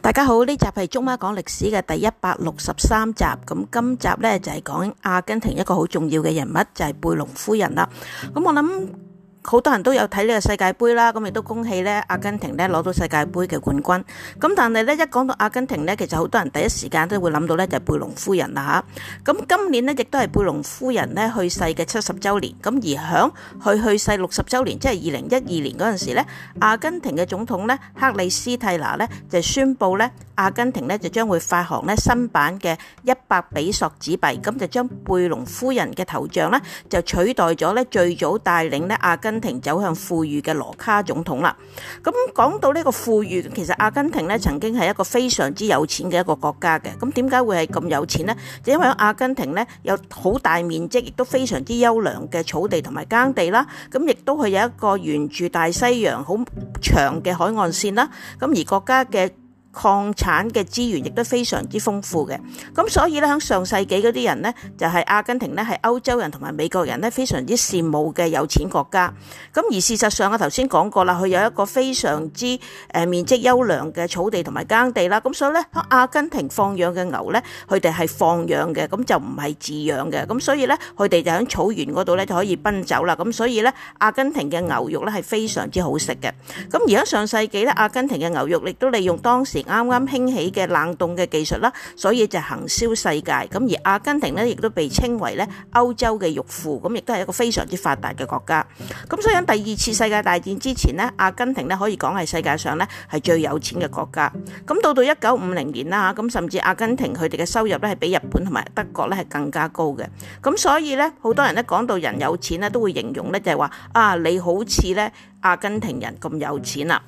大家好，呢集係《竹媽講歷史》嘅第一百六十三集，咁今集咧就係、是、講阿根廷一個好重要嘅人物，就係、是、貝隆夫人啦。咁我諗。好多人都有睇呢個世界盃啦，咁亦都恭喜咧，阿根廷咧攞到世界盃嘅冠軍。咁但係咧，一講到阿根廷咧，其實好多人第一時間都會諗到咧就係貝隆夫人啦嚇。咁今年呢，亦都係貝隆夫人咧去世嘅七十週年。咁而響佢去，去世六十週年，即係二零一二年嗰陣時咧，阿根廷嘅總統咧克里斯蒂娜咧就宣佈咧，阿根廷咧就將會發行咧新版嘅一百比索紙幣，咁就將貝隆夫人嘅頭像咧就取代咗咧最早帶領咧阿根廷走向富裕嘅羅卡總統啦，咁講到呢個富裕，其實阿根廷咧曾經係一個非常之有錢嘅一個國家嘅，咁點解會係咁有錢呢？就因為阿根廷咧有好大面積，亦都非常之優良嘅草地同埋耕地啦，咁亦都係有一個沿住大西洋好長嘅海岸線啦，咁而國家嘅。礦產嘅資源亦都非常之豐富嘅，咁所以咧喺上世紀嗰啲人呢，就係、是、阿根廷呢，係歐洲人同埋美國人呢非常之羨慕嘅有錢國家，咁而事實上我頭先講過啦，佢有一個非常之誒、呃、面積優良嘅草地同埋耕地啦，咁所以呢，喺阿根廷放養嘅牛呢，佢哋係放養嘅，咁就唔係飼養嘅，咁所以呢，佢哋就喺草原嗰度呢就可以奔走啦，咁所以呢，阿根廷嘅牛肉呢係非常之好食嘅，咁而家上世紀呢，阿根廷嘅牛肉亦都利用當時。啱啱興起嘅冷凍嘅技術啦，所以就行銷世界。咁而阿根廷呢，亦都被稱為咧歐洲嘅肉庫，咁亦都係一個非常之發達嘅國家。咁所以喺第二次世界大戰之前咧，阿根廷咧可以講係世界上咧係最有錢嘅國家。咁到到一九五零年啦，咁甚至阿根廷佢哋嘅收入咧係比日本同埋德國咧係更加高嘅。咁所以咧，好多人咧講到人有錢咧，都會形容咧就係話啊，你好似咧阿根廷人咁有錢啦。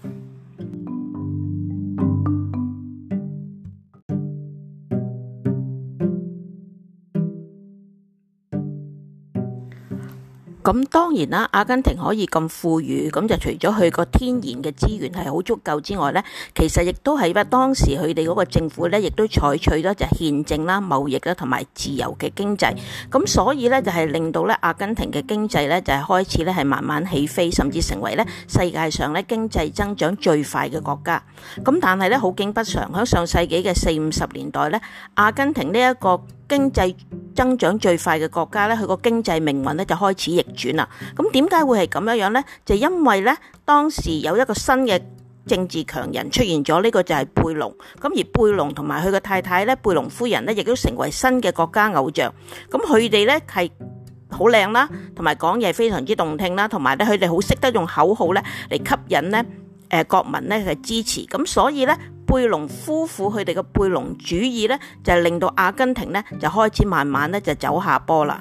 咁當然啦，阿根廷可以咁富裕，咁就除咗佢個天然嘅資源係好足夠之外咧，其實亦都係因為當時佢哋嗰個政府咧，亦都採取咗就係憲政啦、貿易啦同埋自由嘅經濟，咁所以咧就係令到咧阿根廷嘅經濟咧就係開始咧係慢慢起飛，甚至成為咧世界上咧經濟增長最快嘅國家。咁但係咧好景不常，響上世紀嘅四五十年代咧，阿根廷呢、這、一個經濟增長最快嘅國家咧，佢個經濟命運咧就開始逆轉啦。咁點解會係咁樣樣呢？就因為呢，當時有一個新嘅政治強人出現咗，呢個就係貝隆。咁而貝隆同埋佢個太太咧，貝隆夫人呢，亦都成為新嘅國家偶像。咁佢哋呢係好靚啦，同埋講嘢非常之動聽啦，同埋咧佢哋好識得用口號咧嚟吸引呢。誒、呃、國民咧支持，咁所以呢，貝隆夫婦佢哋嘅貝隆主義呢，就令到阿根廷呢，就開始慢慢咧就走下坡啦。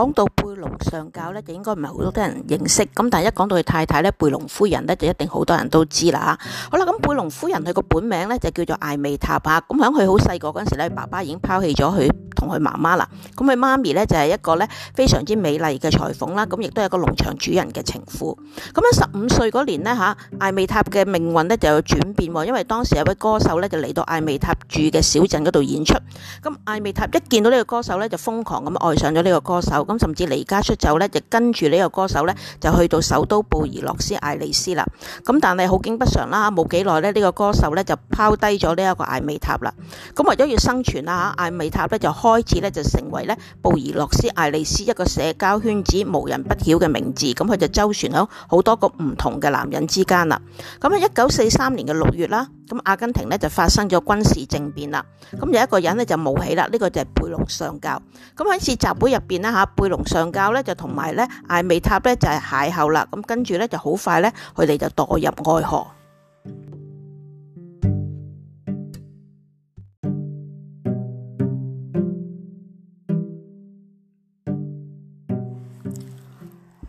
講到貝隆上校咧，就應該唔係好多啲人認識。咁但係一講到佢太太咧，貝隆夫人咧，就一定好多人都知啦。好啦，咁貝隆夫人佢個本名咧就叫做艾美塔啊，咁響佢好細個嗰陣時咧，爸爸已經拋棄咗佢。同佢媽媽啦，咁佢媽咪呢，就係、是、一個呢非常之美麗嘅裁縫啦，咁亦都係一個農場主人嘅情婦。咁喺十五歲嗰年呢，嚇，艾美塔嘅命運呢就有轉變，因為當時有位歌手呢，就嚟到艾美塔住嘅小鎮嗰度演出。咁艾美塔一見到呢個歌手呢，就瘋狂咁愛上咗呢個歌手，咁甚至離家出走呢，就跟住呢個歌手呢，就去到首都布宜諾斯艾利斯啦。咁但係好景不常啦，冇幾耐呢，呢、這個歌手呢，就拋低咗呢一個艾美塔啦。咁為咗要生存啊嚇，艾美塔呢，就開始咧就成為咧布宜諾斯艾利斯一個社交圈子無人不曉嘅名字，咁佢就周旋喺好多個唔同嘅男人之間啦。咁喺一九四三年嘅六月啦，咁阿根廷呢，就發生咗軍事政變啦。咁有一個人呢，就冒起啦，呢、這個就係貝隆上校。咁喺次集會入邊啦嚇，貝隆上校呢，就同埋咧艾美塔呢，就係邂逅啦。咁跟住呢，就好快呢，佢哋就墮入愛河。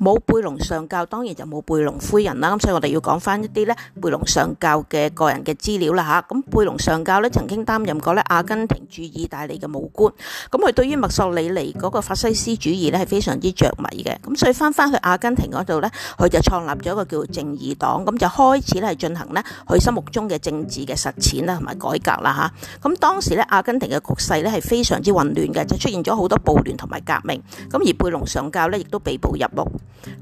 冇貝隆上教，當然就冇貝隆夫人啦。咁所以我哋要講翻一啲咧貝隆上教嘅個人嘅資料啦吓，咁貝隆上教咧曾經擔任過咧阿根廷駐意大利嘅武官。咁佢對於墨索里尼嗰個法西斯主義咧係非常之着迷嘅。咁所以翻翻去阿根廷嗰度咧，佢就創立咗一個叫做正義黨，咁就開始咧係進行咧佢心目中嘅政治嘅實踐啦，同埋改革啦吓，咁當時咧阿根廷嘅局勢咧係非常之混亂嘅，就出現咗好多暴亂同埋革命。咁而貝隆上教咧亦都被捕入獄。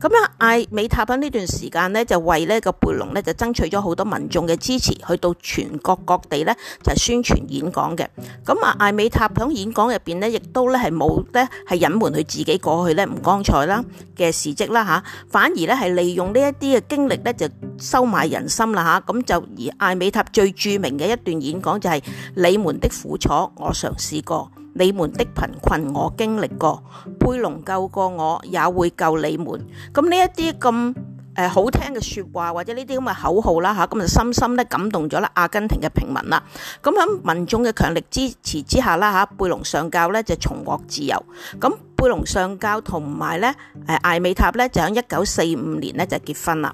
咁咧，艾美塔喺呢段時間呢，就為呢個貝隆呢，就爭取咗好多民眾嘅支持，去到全國各地呢，就宣傳演講嘅。咁啊，艾美塔喺演講入邊呢，亦都呢，係冇呢，係隱瞞佢自己過去呢，唔光彩啦嘅事跡啦吓，反而呢，係利用呢一啲嘅經歷呢，就收買人心啦吓。咁就而艾美塔最著名嘅一段演講就係、是：你們的苦楚，我嘗試過。你們的貧困我經歷過，貝隆救過我，也會救你們。咁呢一啲咁誒好聽嘅説話，或者呢啲咁嘅口號啦嚇，咁就深深咧感動咗啦阿根廷嘅平民啦。咁喺、嗯、民眾嘅強力支持之下啦嚇，貝隆上校咧就重獲自由。咁貝隆上校同埋咧誒艾美塔咧就喺一九四五年咧就結婚啦。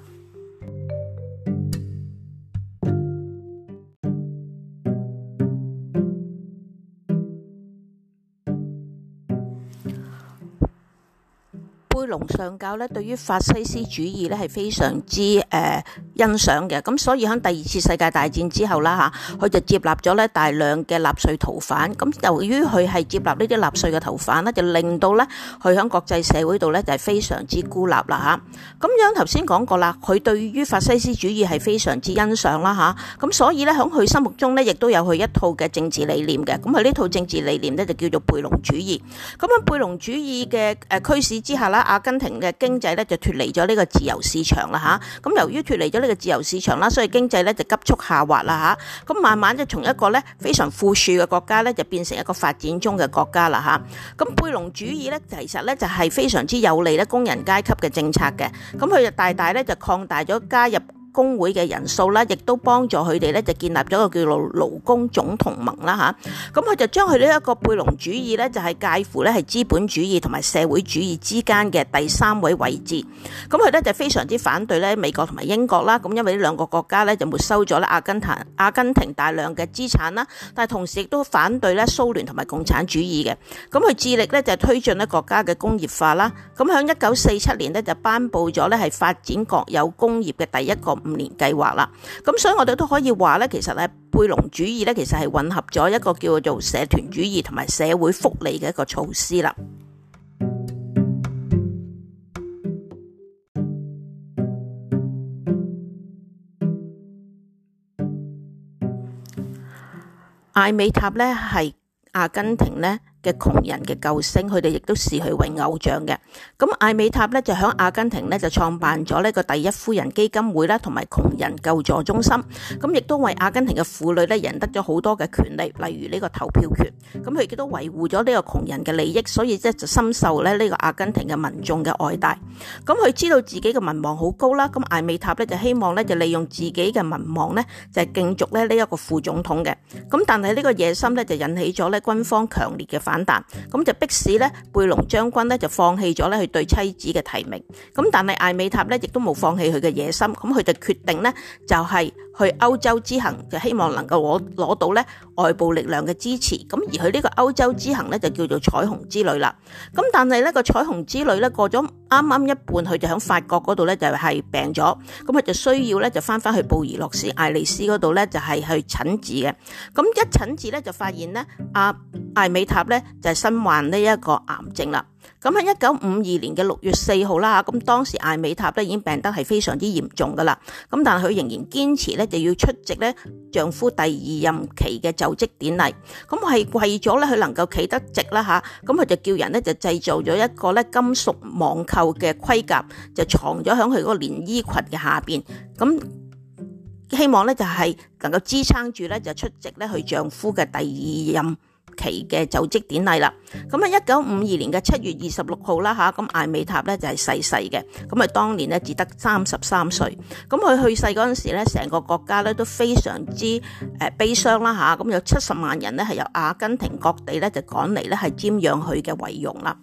龍上教咧對於法西斯主義咧係非常之誒、呃、欣賞嘅，咁所以喺第二次世界大戰之後啦嚇，佢就接納咗咧大量嘅納粹逃犯，咁由於佢係接納呢啲納粹嘅逃犯啦，就令到咧佢喺國際社會度咧就係非常之孤立啦嚇。咁樣頭先講過啦，佢對於法西斯主義係非常之欣賞啦嚇，咁所以咧喺佢心目中咧亦都有佢一套嘅政治理念嘅，咁佢呢套政治理念咧就叫做貝隆主義。咁喺貝隆主義嘅誒驅使之下啦，阿阿根廷嘅經濟咧就脫離咗呢個自由市場啦嚇，咁、嗯、由於脫離咗呢個自由市場啦，所以經濟咧就急速下滑啦嚇，咁、嗯、慢慢就從一個咧非常富庶嘅國家咧就變成一個發展中嘅國家啦嚇，咁貝隆主義咧其實咧就係、是、非常之有利咧工人階級嘅政策嘅，咁佢就大大咧就擴大咗加入。工會嘅人數啦，亦都幫助佢哋咧就建立咗一個叫做勞工總同盟啦吓，咁佢就將佢呢一個貝隆主義咧，就係介乎咧係資本主義同埋社會主義之間嘅第三位位置。咁佢咧就非常之反對咧美國同埋英國啦。咁因為呢兩個國家咧就沒收咗咧阿根廷阿根廷大量嘅資產啦。但係同時亦都反對咧蘇聯同埋共產主義嘅。咁佢致力咧就推進呢國家嘅工業化啦。咁喺一九四七年呢，就頒布咗咧係發展國有工業嘅第一個。五年計劃啦，咁所以我哋都可以話呢，其實呢，貝隆主義呢，其實係混合咗一個叫做社團主義同埋社會福利嘅一個措施啦。艾美塔呢，係阿根廷呢，嘅窮人嘅救星，佢哋亦都視佢為偶像嘅。咁艾美塔咧就喺阿根廷呢，就創辦咗呢個第一夫人基金會啦，同埋窮人救助中心。咁亦都為阿根廷嘅婦女咧贏得咗好多嘅權利，例如呢個投票權。咁佢亦都維護咗呢個窮人嘅利益，所以即係就深受咧呢個阿根廷嘅民眾嘅愛戴。咁佢知道自己嘅民望好高啦，咁艾美塔咧就希望咧就利用自己嘅民望呢，就係競逐咧呢一個副總統嘅。咁但係呢個野心呢，就引起咗呢軍方強烈嘅反。簡單咁就迫使咧，貝隆將軍咧就放棄咗咧佢對妻子嘅提名。咁但係艾美塔咧亦都冇放棄佢嘅野心。咁佢就決定咧，就係去歐洲之行，就希望能夠攞攞到咧。外部力量嘅支持，咁而佢呢個歐洲之行咧就叫做彩虹之旅啦。咁但係呢個彩虹之旅咧過咗啱啱一半，佢就響法國嗰度咧就係病咗，咁佢就需要咧就翻翻去布宜諾斯艾利斯嗰度咧就係去診治嘅。咁一診治咧就發現咧阿艾美塔咧就係身患呢一個癌症啦。咁喺一九五二年嘅六月四號啦，咁當時艾美塔咧已經病得係非常之嚴重噶啦。咁但係佢仍然堅持咧就要出席咧丈夫第二任期嘅就職典禮，咁係為咗咧佢能夠企得直啦吓，咁佢就叫人咧就製造咗一個咧金屬網扣嘅盔甲，就藏咗喺佢嗰個連衣裙嘅下邊，咁希望咧就係能夠支撐住咧就出席咧佢丈夫嘅第二任。其嘅就職典禮啦，咁啊一九五二年嘅七月二十六號啦吓，咁艾美塔咧就係細細嘅，咁啊當年咧只得三十三歲，咁佢去世嗰陣時咧，成個國家咧都非常之誒悲傷啦吓，咁有七十萬人咧係由阿根廷各地咧就趕嚟咧係瞻仰佢嘅遺容啦。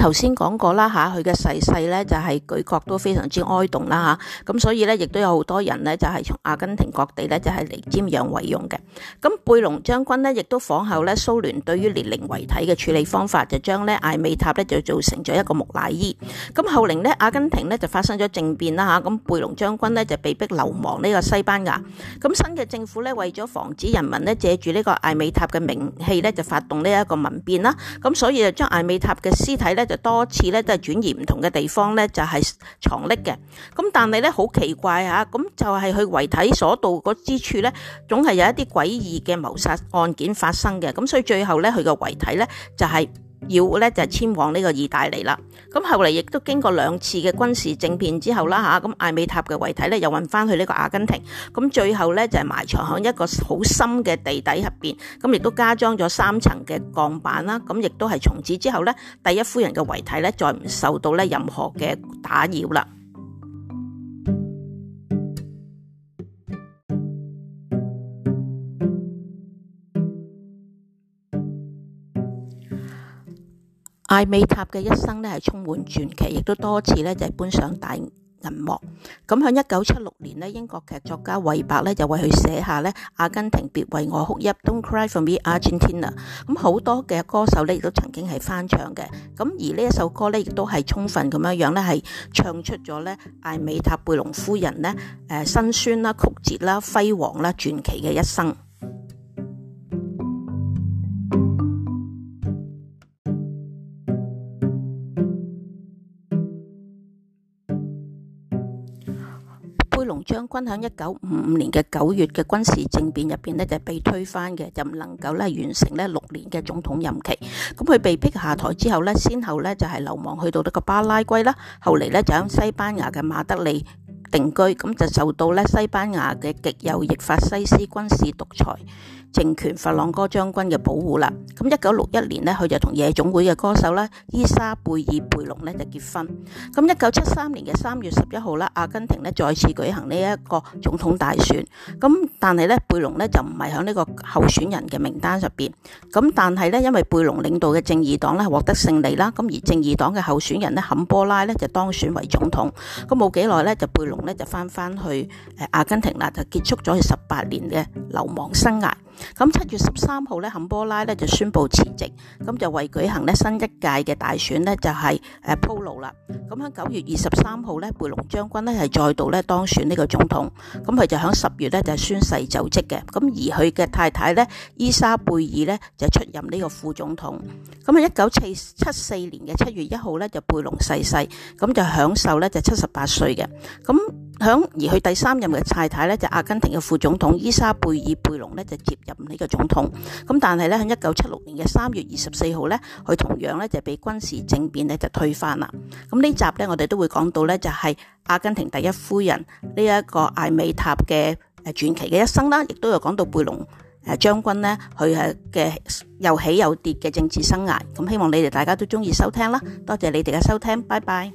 頭先講過啦嚇，佢嘅逝世咧就係舉國都非常之哀悼啦嚇，咁、啊、所以咧亦都有好多人呢就係從阿根廷各地咧就係嚟瞻仰遺容嘅。咁貝隆將軍呢，亦都仿效咧蘇聯對於列寧遺體嘅處理方法，就將咧艾美塔咧就做成咗一個木乃伊。咁後嚟呢，阿根廷呢就發生咗政變啦嚇，咁、啊、貝隆將軍呢就被逼流亡呢個西班牙。咁新嘅政府咧為咗防止人民呢借住呢個艾美塔嘅名氣咧就發動呢一個民變啦，咁所以就將艾美塔嘅屍體咧。就多次咧都係轉移唔同嘅地方咧，就係藏匿嘅。咁但係咧好奇怪吓，咁就係佢遺體所到嗰之處咧，總係有一啲詭異嘅謀殺案件發生嘅。咁所以最後咧，佢個遺體咧就係。要咧就係遷往呢個意大利啦，咁後嚟亦都經過兩次嘅軍事政變之後啦吓，咁艾美塔嘅遺體咧又運翻去呢個阿根廷，咁最後咧就係埋藏喺一個好深嘅地底入邊，咁亦都加裝咗三層嘅鋼板啦，咁亦都係從此之後咧，第一夫人嘅遺體咧再唔受到咧任何嘅打擾啦。艾美塔嘅一生呢，係充滿傳奇，亦都多次呢，就係搬上大銀幕。咁喺一九七六年呢，英國劇作家惠伯呢，就為佢寫下呢《阿根廷別為我哭泣》（Don't Cry for Me Argentina）。咁好多嘅歌手呢，亦都曾經係翻唱嘅。咁而呢一首歌呢，亦都係充分咁樣樣呢，係唱出咗呢艾美塔貝隆夫人呢，誒辛酸啦、曲折啦、輝煌啦、傳奇嘅一生。將軍響一九五五年嘅九月嘅軍事政變入邊呢，就被推翻嘅，就唔能夠咧完成咧六年嘅總統任期。咁佢被逼下台之後呢，先後呢就係、是、流亡去到呢個巴拉圭啦，後嚟呢就響西班牙嘅馬德里定居，咁就受到呢西班牙嘅極右翼法西斯軍事獨裁。政權佛朗哥將軍嘅保護啦。咁一九六一年呢，佢就同夜總會嘅歌手咧伊莎貝爾貝隆呢，就結婚。咁一九七三年嘅三月十一號啦，阿根廷呢，再次舉行呢一個總統大選。咁但係咧，貝隆呢，就唔係響呢個候選人嘅名單入邊。咁但係咧，因為貝隆領導嘅正義黨咧獲得勝利啦，咁而正義黨嘅候選人呢，坎波拉呢，就當選為總統。咁冇幾耐咧，就貝隆呢，就翻返去誒阿根廷啦，就結束咗佢十八年嘅流亡生涯。咁七月十三號咧，坎波拉咧就宣布辭職，咁就為舉行咧新一屆嘅大選咧，就係誒鋪路啦。咁喺九月二十三號咧，貝隆將軍咧係再度咧當選呢個總統，咁佢就喺十月咧就宣誓就職嘅。咁而佢嘅太太咧伊莎貝爾咧就出任呢個副總統。咁啊，一九七四年嘅七月一號咧就貝隆逝世，咁就享受咧就七十八歲嘅。咁而佢第三任嘅太太咧就係阿根廷嘅副總統伊莎貝爾貝隆咧就接任呢個總統，咁但係咧喺一九七六年嘅三月二十四號咧佢同樣咧就俾軍事政變咧就推翻啦。咁呢集咧我哋都會講到咧就係阿根廷第一夫人呢一個艾美塔嘅誒傳奇嘅一生啦，亦都有講到貝隆誒將軍咧佢誒嘅又起又跌嘅政治生涯。咁希望你哋大家都中意收聽啦，多謝你哋嘅收聽，拜拜。